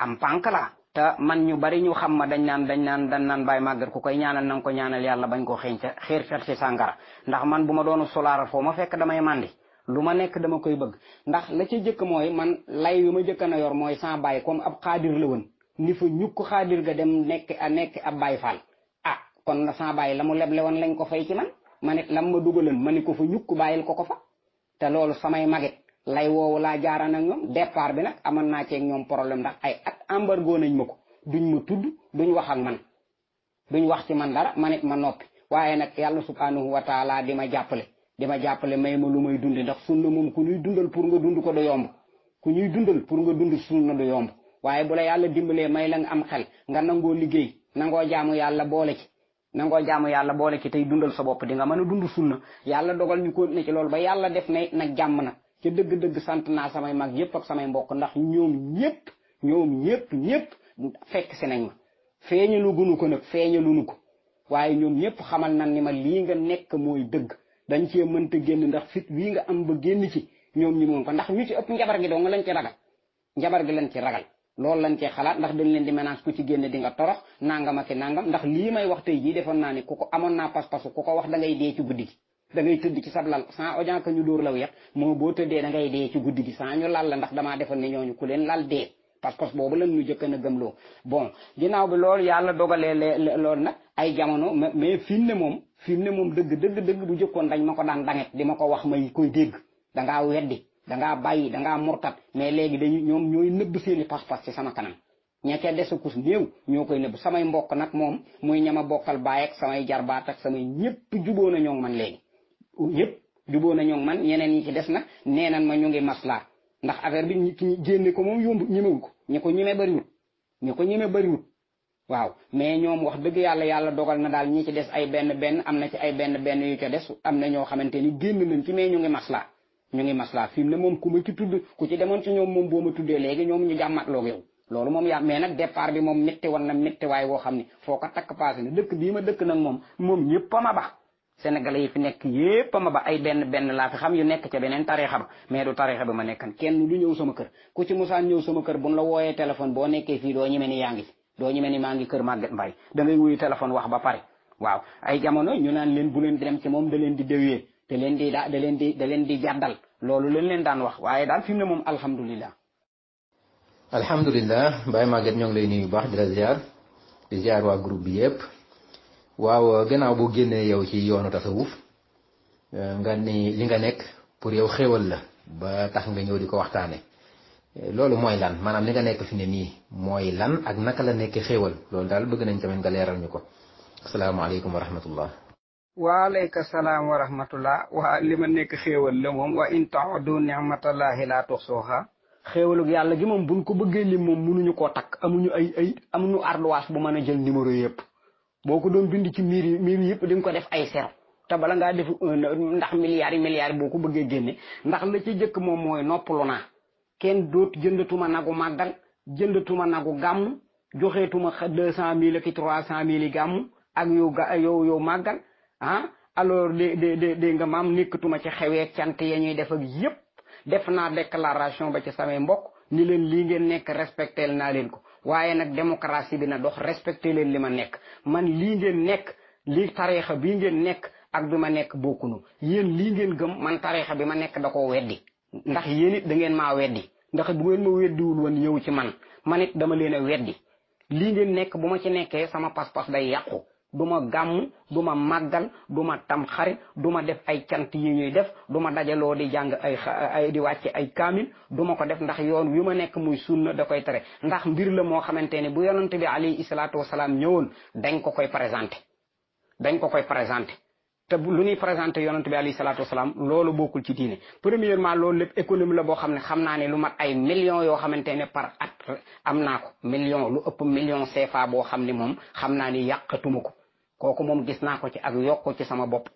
am pank la ta man ñu bari ñu xam ma dañ nan dañ nan dañ nan bay magal ku koy ñaanal nang ko ñaanal yalla bañ ko xeeñ ca xéer fet ci sangara ndax man buma ma doonu solaara ma fekk damay mandi luma nek dama koy bëgg ndax la ci jëk moy man lay yu ma jëk na yor moy sans bay comme ab qadir la won ni fa ñuk qadir ga dem nek a nek ab bay fal ah kon na sans bay lamu leble lañ ko fay ci man manit lam ma dugalan mané ko fa ñukku bayil ko ko fa té ngom samay magit lay woowu la jaara na ñoom départ bi nak amon na ci ñom problème ndax ay at embargo nañ mako duñ ma tudd duñ wax ak man duñ wax ci man dara manit ma nopi waaye nak yalla subhanahu wa taala dima jappalé dima jappalé may ma lu may ndax sunna mom ku ñuy dundal pour nga dund ko do yomb ku ñuy dundal pour nga dund sunna do yomb waaye bu la yalla dimbalé may la nga am xel nga nango liggéey nango jaamu yalla boole ci nango jaamu ya boole boleh kita dundal sa bop di nga manu dundu dund sunna yàlla dogal ñu ko ne ci loolu ba yàlla def na nak jàmm na ci deug deug sant na samay mag yep ak samay mbokk ndax ñoom ñépp ñoom ñépp ñépp fekk si nañ ma feeñalu gunu ko nag feeñalunu ko waye ñoom ñépp xamal nan ni ma li nga nek moy deug dañ ci mënta genn ndax fit wi nga am ba genn ci ñoom ñi moon ko ndax ñu ci ëpp njabar gi do nga lañ ci ragal njabar gi lañ ci ragal lol lañ ci xalaat ndax dañ leen di menace ku ci génn di nga torox nangam ak nangam ndax lii may wax tey jii defoon naa ni ku ko amoon naa pas-pasu ku ko wax da ngay dee ci guddi gi da ngay tëdd ci sab lal sans audience ñu dóor la wéet moo boo tëddee da ngay dee ci guddi gi sans ñu lal la ndax dama defoon ni ñooñu ku leen lal dee parce boobu lañ ñu jëkk na gëmloo bon ginnaaw bi loolu yàlla dogalee loolu nag ay jamono mais fin ne moom ne moom dëgg bu jëkkoon dañ ma daan danget di ma wax may koy dégg da ngaa weddi da nga bayyi da nga murtat mais légui dañu ñom ñoy neub seeni pas-pas ci sama kanam ñaké ca desu kus néew ñoo koy nëbb mbokk nak mom muy ñama bokkal baye ak sama jarbaat ak sama ñepp jubo na ñoog man légui ñepp jubo na ñoog man ñeneen yi ci dess nak nee ma ñu ngi maslaa ndax affaire bi ñi génné ko mom yomb ñemewu ko ñi ñimé bari bariwut ñi ñimé bari waaw mais ñom wax dëgg yalla yalla dogal na dal ñi ci des ay benn benn amna ci ay benn benn yu ci des amna ño xamanteni génn nañ ci mais ñu ngi ñu ngi maslaa fi ne mom kuma ki tudd ku ci demone ci ñom mom boma tuddé légui ñom ñu mom lo yow lolu mom ya mais nak départ bi mom metti won na metti way wo xamni foko tak passé ni dekk bi ma dekk nak mom mom ñeppama ba sénégalais yi fi nekk ba ay benn benn laa fi xam yu nekk ca beneen tarixa ba mais du tarixa ba ma nekkan kenn du ñëw sama kër ku ci musaan ñëw sama kër buñ la wooyee téléphone boo nekkee fii doo ni yaa ngi doo ni maa kër màgget mbay da ngay wuyu téléphone wax ba pare waaw ay jamono ñu naan leen bu leen dem ci moom da leen di déwee te leen di da leen di da leen di jàddal loolu leen leen daan wax waaye daal fi ne moom alhamdulilah. alhamdulilah Baye Maguette ñoo ngi lay nuyu bu baax di la ziar di ziar waa groupe bi yëpp waaw gannaaw boo génnee yow ci yoonu tasawuf euh, nga ni li nga nekk pour yow xéwal la ba tax nga ñëw di ko waxtaane loolu mooy lan maanaam li nga nekk fi ne nii mooy lan ak naka la nekkee xéwal loolu daal bëgg nañ tamit nga leeral ñu ko asalaamaaleykum wa rahmatullah waaleyka salaam wa rahmatullah waa li ma nekk xéewal la moom wa in taxudu nicmatallahi laa tuxsuha xéewalug yàlla gi moom buñ ko bëggee lim moom mënuñu koo takk amuñu ay ay nu ardoise bu mën a jël numéro yëpp boo ko doon bind ci miir yi miir yëpp di ko def ay zéro te bala ngaa def euh, ndax milliar yi milliards boo ko bëggee génne ndax la ci jëkk moom mooy noppalu naa kenn doot jëndatuma nagu màggal jëndatuma nagu gàmm joxeetuma deux cent mille ak trois cent yi gàmm ak yow ga yow yow ah alors dé dé dé nga maam nekkatuma ci xewee cant ya ñuy def ak yépp def naa déclaration ba ci samay mbokk ni leen lii ngeen nekk respecté naa leen ko waaye nag démocratie bi na dox respecté leen li ma nekk man lii ngeen nekk lii tariixa bi ngeen nekk ak bi ma nekk bokkunu yéen lii ngeen gëm man tariixa bi ma nekk da koo weddi ndax yéen da ngeen ma weddi ndax bu ngeen ma weddiwul woon ñëw ci man man dama leen a weddi lii ngeen nekk bu ma ci nekkee sama pas-pas yàqu du ma gàmm du ma màggal du ma tam xarit du ma def ay cant yi ñuy def du ma dajaloo di jàng ay ay di wàcce ay kaamil duma ko def ndax yoon wi ma nekk muy sunna da koy tere ndax mbir la moo xamante ne bu yonante bi alayhi salaatu wasalaam ñëwoon dañ ko koy présenté dañ ko koy présenté te lu ñuy présenté yonante bi alayhi salaatu wasalaam loolu bokkul ci diine premièrement loolu lépp économie la boo xam ne xam naa ne lu mat ay million yoo xamante ne par at am naa million lu ëpp million CFA boo xam ne moom xam naa ni yàqatuma ko koku mom gis nako ko ci ak yokko ci sama bop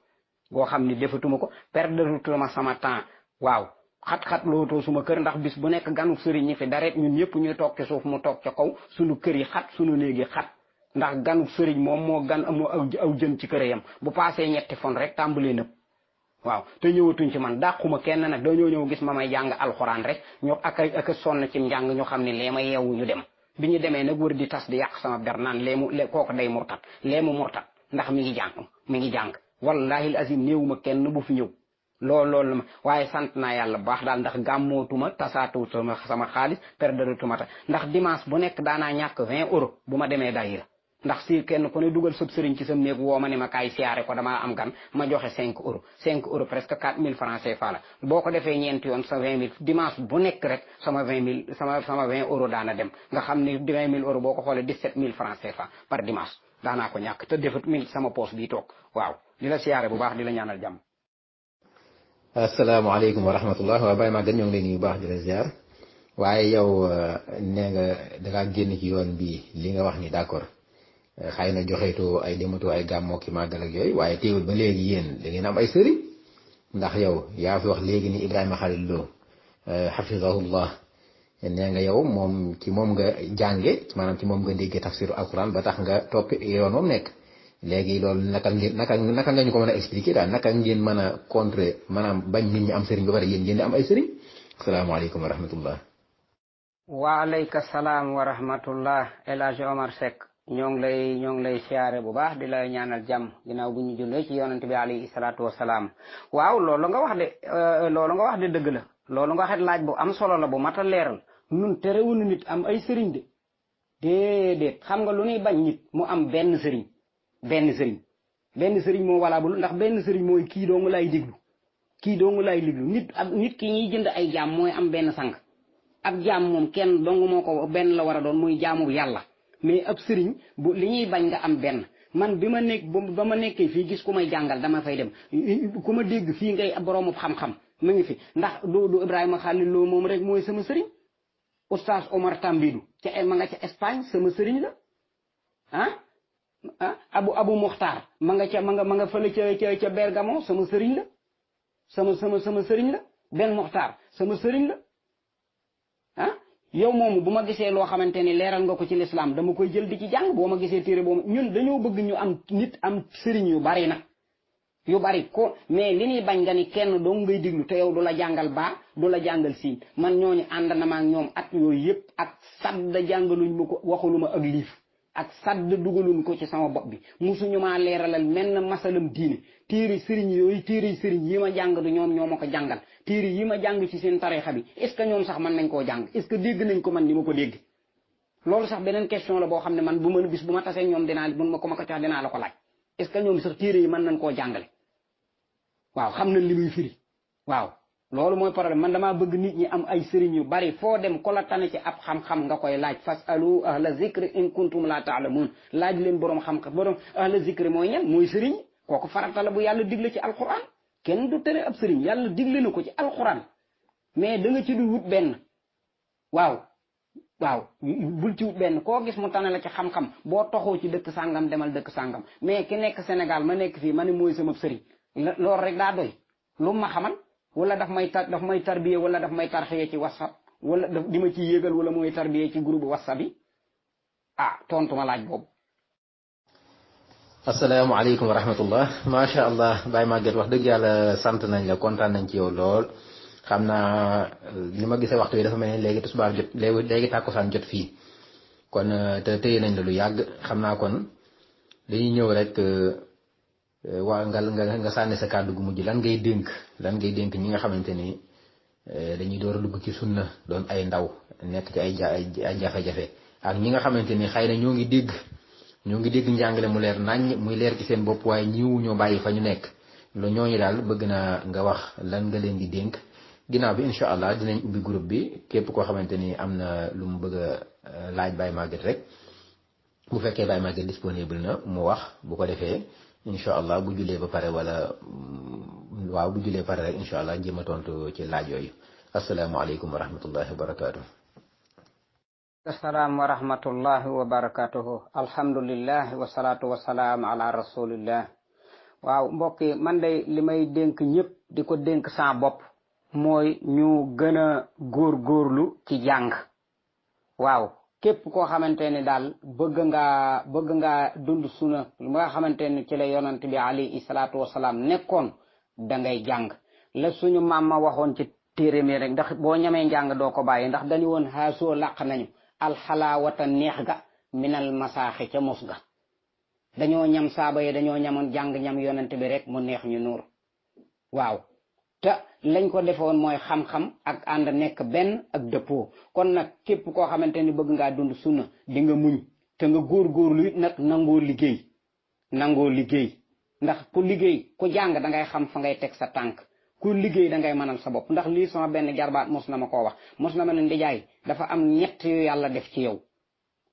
go xamni defatuma ko perdeutuma sama temps waaw khat khat lootoo suma keur ndax bis bu nek ganu sëriñ ñi fi dare ñun ñepp ñuy tok ci suuf mu tok ci kaw sunu keur yi khat suñu khat ndax ganu mom mo gan moo aw jën ci kër yam bu passé ñetti fon rek tambulé nepp waw te ñewatuñ ci man dàquma kenn do ñew ñew gis ma may rek ñu ak ak son ci jang ñu xamni lema yewu ñu dem biñu démé nak wër di tas di yak sama bernan lemu koku day murtat Lemu murtat ndax mi ngi jàng mi ngi jàng wallahi azim néewuma kenn bu fi ñëw lool loolu ma waaye sant naa yàlla bu baax daal ndax gàmmootuma tasaatutuma sama xaalis perderetuma ta ndax dimanche bu nekk daanaa ñàkk vingt euros bu ma demee daayira ndax si kenn ku ne dugal sëb sëriñ ci sam néeg woo ma ne ma kaay siyaare ko dama am gan ma joxe cinq euros cinq euros presque quatre mille francs CFA la boo ko defee ñeenti yoon sa vingt mille dimanche bu nekk rek sama vingt mille sama sama nga xam ne vingt boo ko xoolee dix sept mille francs CFA par dana ko ñak te defut min sama poste bi tok waaw di siaré bu baax di la ñaanal jàmm alaykum wa rahmatullah wa Baye Maguette ñoo ngi lay nuyu baax di ziar waye yow ne nga da nga génn ci yoon bi li nga wax ni d'accord xayna na ay dematu ay gamo ki màggal ak yoy waye teewul ba legi yéen da ngeen am ay sëriñ ndax yow ya fi wax legi ni Ibrahima Khalil Lo xafidahullah nee nga yow mom ci mom nga jànge manam ci mom nga déggé tafsir alquran ba tax nga top yoon ya, moom nekk léegi loolu naka naka naka nga ñu ko mën expliquer da naka ngeen mën a contrer manam bañ nit ñi am sëriñ bu bari yeen ngeen di am ay sëriñ alaykum wa rahmatullah alayka salaam wa rahmatullah El Hadj Omar sek ñong lay ñong lay siyaare bu baax di lay ñaanal jam ginaaw bu ñu jullé ci yonent bi alayhi salaatu wasalaam waaw loolu nga wax de eh, loolu nga wax de deug la loolu nga xet laaj bu am solo la bu mat a leeral nun terewunu nit am ay sëriñ de déedéet xam nga lu nuy bañ nit mu am benn sëriñ benn sëriñ benn sëriñ moo walaabul ndax benn sëriñ mooy kii dong lay diglu kii dong lay diglu nit ak ki ñuy jënd ay jaam mooy am benn sang ab jaam moom kenn dong moo ko benn la war a doon muy jaamu yàlla mais ab sëriñ bu li ñuy bañ nga am benn man bi ma nekk ba ma nekkee fii gis ku may jàngal dama fay dem ku ma dégg fii ngay boroomu xam-xam mi ngi fi ndax du du ibrahima khalil lo mom rek moy sama serigne oustaz omar tambidu ca ma nga ci espagne sama serigne la ah? ah abu abu mokhtar ma nga ci ma nga ma nga fele ci ci bergamo sama serigne la sama sama sama serigne la ben muxtar sama serigne la ah yow moomu bu ma gisee loo xamante ni nga ko ci l'islam dama koy jël di ci jang boo ma gisee téere ñun dañu bëgg ñu am nit am serigne yu bari nak yu bari ko mais li bañ nga ni kenn dong ngay diglu te yow dula la ba dula jangal la man ñooñu ànd na ak ñoom at yoy yep ak sadd jangaluñ ma ko waxuluma ak lif ak sadd dugulun ko ci sama bop bi musuñu ma leralal men masalam diine téere sëriñ yoy téere sëriñ yi ma jang du ñoom ñoo ma ko jàngal yi ma jang ci seen tarixa bi est ce que ñoom sax man nañ ko jang est ce que nañ ko man ni ma ko dégg loolu sax benen question la bo xamne man bu meun bis bu ma tassé ñoom dina bu ma ko ma ko la ko laaj est ce que sax yi nañ ko waaw xam nañ li muy firi waaw loolu mooy problème man damaa bëgg nit ñi am ay sëriñ yu bari foo dem ko la tane ci ab xam-xam nga koy laaj fas alo ahla zikri in kuntum la taalamuun laaj leen borom xam-xam borom ahla zikri mooy ñan mooy sëriñ kooku farata la bu yàlla digle ci alquran kenn du tere ab sëriñ yàlla digle na ko ci alquran mais da nga ci du wut benn waaw waaw bul ci benn koo gis mu tane la ci xam-xam boo toxoo ci dëkk sàngam demal dëkk sàngam mais ki nekk ma nekk fii ma mooy sama sëriñ loolu rek daa doy lu ma xamal wala daf may tar daf may tarbiye wala daf may tarxiye ci whatsapp wala daf di ci yéegal wala mooy tarbiye ci groupe whatsapp bi ah tontu ma laaj boobu. asalaamaaleykum wa rahmatullah macha allah Baye Maguette wax dëgg yàlla sant nañ la kontaan nañ ci yow lool. xam naa li ma gisee waxtu yi dafa mel ni léegi tisbaar jot léegi tàkkusaan jot fii kon te téye nañ la lu yàgg xam naa kon dañuy ñëw rek Eh, waa nga nga nga sànni sa kàddu gu mujj lan ngay dénk lan ngay dénk ñi nga xamante ni eh, dañuy door a dugg ci na doon ay ndaw nekk ci ay ay jafe-jafe ak ñi nga xamante ni xëy na ñoo ngi dégg ñoo ngi dégg njàngale mu leer naññ muy leer ci seen bopp waaye ñiwu ñoo bàyyi fa ñu nekk lu ñooñu daal bëgg naa nga wax lan nga leen di dénk ginnaaw bi incha allah dinañ ubbi groupe bi képp koo xamante ni am na lu mu bëgg a eh, laaj Baye Maguette rek bu fekkee Baye Maguette disponible mu wax bu ko defee incha allah bu julee ba pare wala mm, waaw bu julee pare rek incha allah jéem a tontu ci laaj yooyu asalaamaaleykum wa rahmatullahi wa barakaatu. asalaam wa rahmatullahi waaw mbokk yi man de li may dénk ñëpp di ko dénk saa bopp. mooy ñu gën a góorgóorlu ci jàng. waaw képp koo xamante ne daal bëgg ngaa bëgg ngaa dund suna lu nga xamante ne ci la yonant bi alayhi salaatu wasalaam nekkoon da ngay jàng la suñu maam ma waxoon ci téere mi rek ndax boo ñamee njàng doo ko bàyyi ndax dañu woon xaasoo làq nañu alxalaawata neex ga minal masaaxi ca mos ga dañoo ñam saaba yi dañoo ñamoon jàng ñam yonent bi rek mu neex ñu nur waaw da lañ ko defoon mooy xam-xam ak ànd nekk benn ak dëppoo kon nag képp koo xamante ni bëgg ngaa dund sunna dinga nga muñ te nga góor góor it nag nangoo liggéey nangoo liggéey ndax ku liggéey ku jàng da ngay xam fa ngay teg sa tànk ku liggéey da ngay mënal sa bopp ndax lii sama benn jarbaat mos na ma koo wax mos na ma ne ndijaay dafa am ñett yu yàlla def ci yow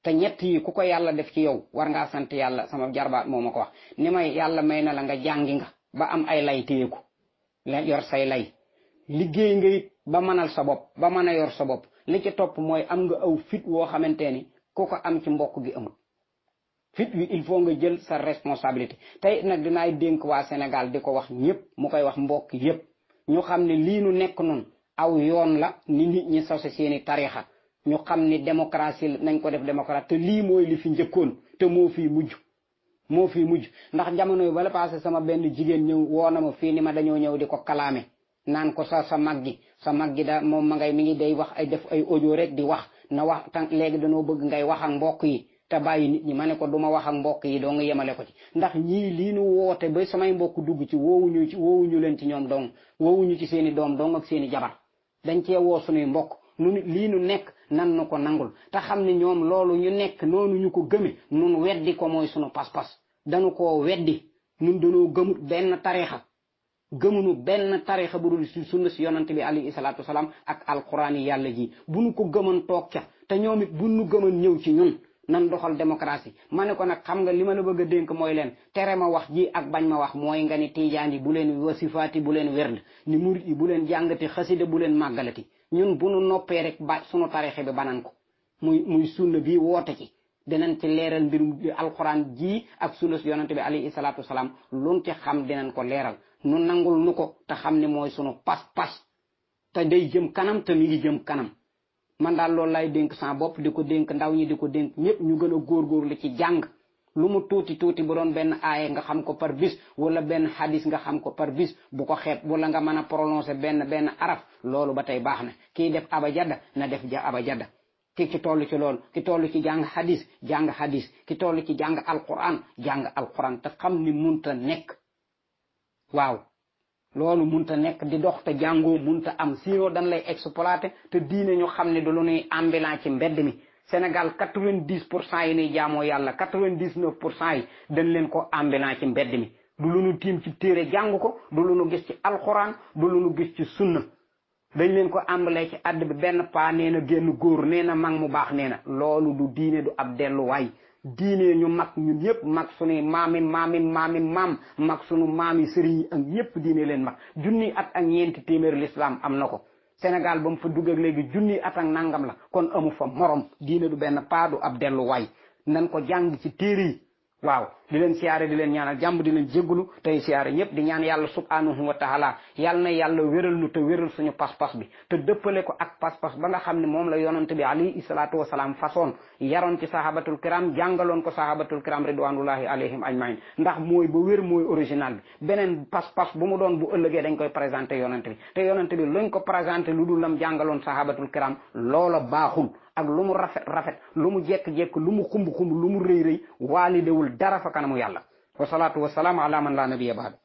te ñett yi ku ko yàlla def ci yow war ngaa sant yàlla sama jarbaat moo ma ko wax ni may yàlla may na la nga jàngi nga ba am ay lay téyeku yor say lay liggéey nga it ba mënal sa bopp ba mën a yor sa bopp li ci topp mooy am nga aw fit woo xamante ni ku ko am ci mbokk gi amul fit wi il faut nga jël sa responsabilité tey nag dinaay dénk waa Sénégal di ko wax ñëpp mu koy wax mbokk yëpp ñu xam ne lii nu nekk noonu aw yoon la ni nit ñi sose seeni tarixa ñu xam ni démocratie nañ ko def démocratie te lii mooy li fi njëkkoon te moo fi mujj moo fi mujj ndax jamono yi bala passé sama benn jigéen ñëw woo na fii ni ma dañoo ñëw di ko kalaame naan ko sa sa mag gi sa mag gi da moom ma ngay mi ngi day wax ay def ay audio rek di wax na wax tan léegi dañoo bëgg ngay wax ak mbokk yi te bàyyi nit ñi ma ne ko duma ma wax ak mbokk yi doo nga yemale ko ci ndax ñii lii nu woote ba samay mbokk dugg ci woowuñu ci woowuñu leen ci ñoom dong woowuñu ci seeni doom dong ak seeni jabar dañ cee woo sunuy mbokk nu lii nekk nan nu ko nangul ta xamni ñom loolu ñu nekk nonu ñu ko gëme nun weddi ko moy suñu pas-pas dañu ko weddi nun dañu gëmut ben tariixa gëmunu ben tariixa bu dul sunna si yonante bi ali salatu ak alquran yi ji bu nu ko gëmon tok ca te ñomit bu nu ci ñun nan doxal demokrasi mané ko nak xam nga lima la bëgg denk moy len téré ma wax ji ak bañ ma wax moy nga ni tiijaan bu len wasifati bu len werd ni mouride bu len jangati bu len magalati ñun bu nu noppee rek ba sunu tarixe bi banan ko muy muy sunna bi woote ci dinañ ci leeral mbirum alxuraan ji ak sunna si yonante bi alayhi salaatu wasalaam luñ ci xam dinañ ko leeral nu nangul nu ko te xam ne mooy sunu pas-pas te day jëm kanam te mi jëm kanam man daal loolu laay dénk sans bopp di ko dénk ndaw ñi di ko dénk ñëpp ñu gën a góor góor góorgóorlu ci jàng lu mu tuuti tuuti bu doon benn aaye nga xam ko par bis wala benn hadis nga xam ko par bis bu ko xeeb wala nga mën a prononcer benn benn araf loolu ba tey baax na kii def abajada na def ja abajada ki ci tollu ci lool ki tollu ci jàng hadis jàng hadis ki tollu ci jàng alquran jàng alquran te xam ni munta nekk waaw loolu munta nekk di dox te jàngoo munta am sinon dan lay exploiter te diine ñu xam ne du lu nuy ambulant ci mbedd mi Sénégal quatre vingt dix pour cent yi ni jaamoo yàlla quatre vingt dix neuf pour cent yi dañ leen ko ambilan ci mbedd mi du lu nu tiim ci téere jàng ko du lu nu gis ci alxuraan du lu nu gis ci sunna dañ leen ko àmbalee ci àdd bi benn paa nee na génn góor nee na mag mu baax nee na loolu du diine du ab delluwaay diine ñu mag ñun ñëpp mag sunuy maami maami maami maam mag sunu maami sëriñ yi ak ñëpp diine leen mag junni at ak ñeenti téeméer lislaam am na ko Sénégal ba fa dugg ak léegi junni at nangam la kon amu fa moroom diine du benn paadu ab delluwaay nan ko jàng ci téere yi waaw di siyaare di ñaanal jàmm di leen jéggulu siyaare ñëpp di ñaan yàlla subhanahu wa taala yàlla na yàlla wéral nu te wéral suñu pas-pas bi te dëppale ko ak pas-pas ba nga xam ne moom la yonante bi alayhi salaatu wasalaam façon yaroon ci sahabatul kiram jàngaloon ko sahabatul kiram ridwanullahi alayhim ajmain ndax mooy ba wér mooy original bi beneen pas bu mu doon bu ëllëgee dañ koy présenté yonante bi te yonante bi luñ kanamu yàlla wasalaatu wasalaamu ala man laa nabiya baad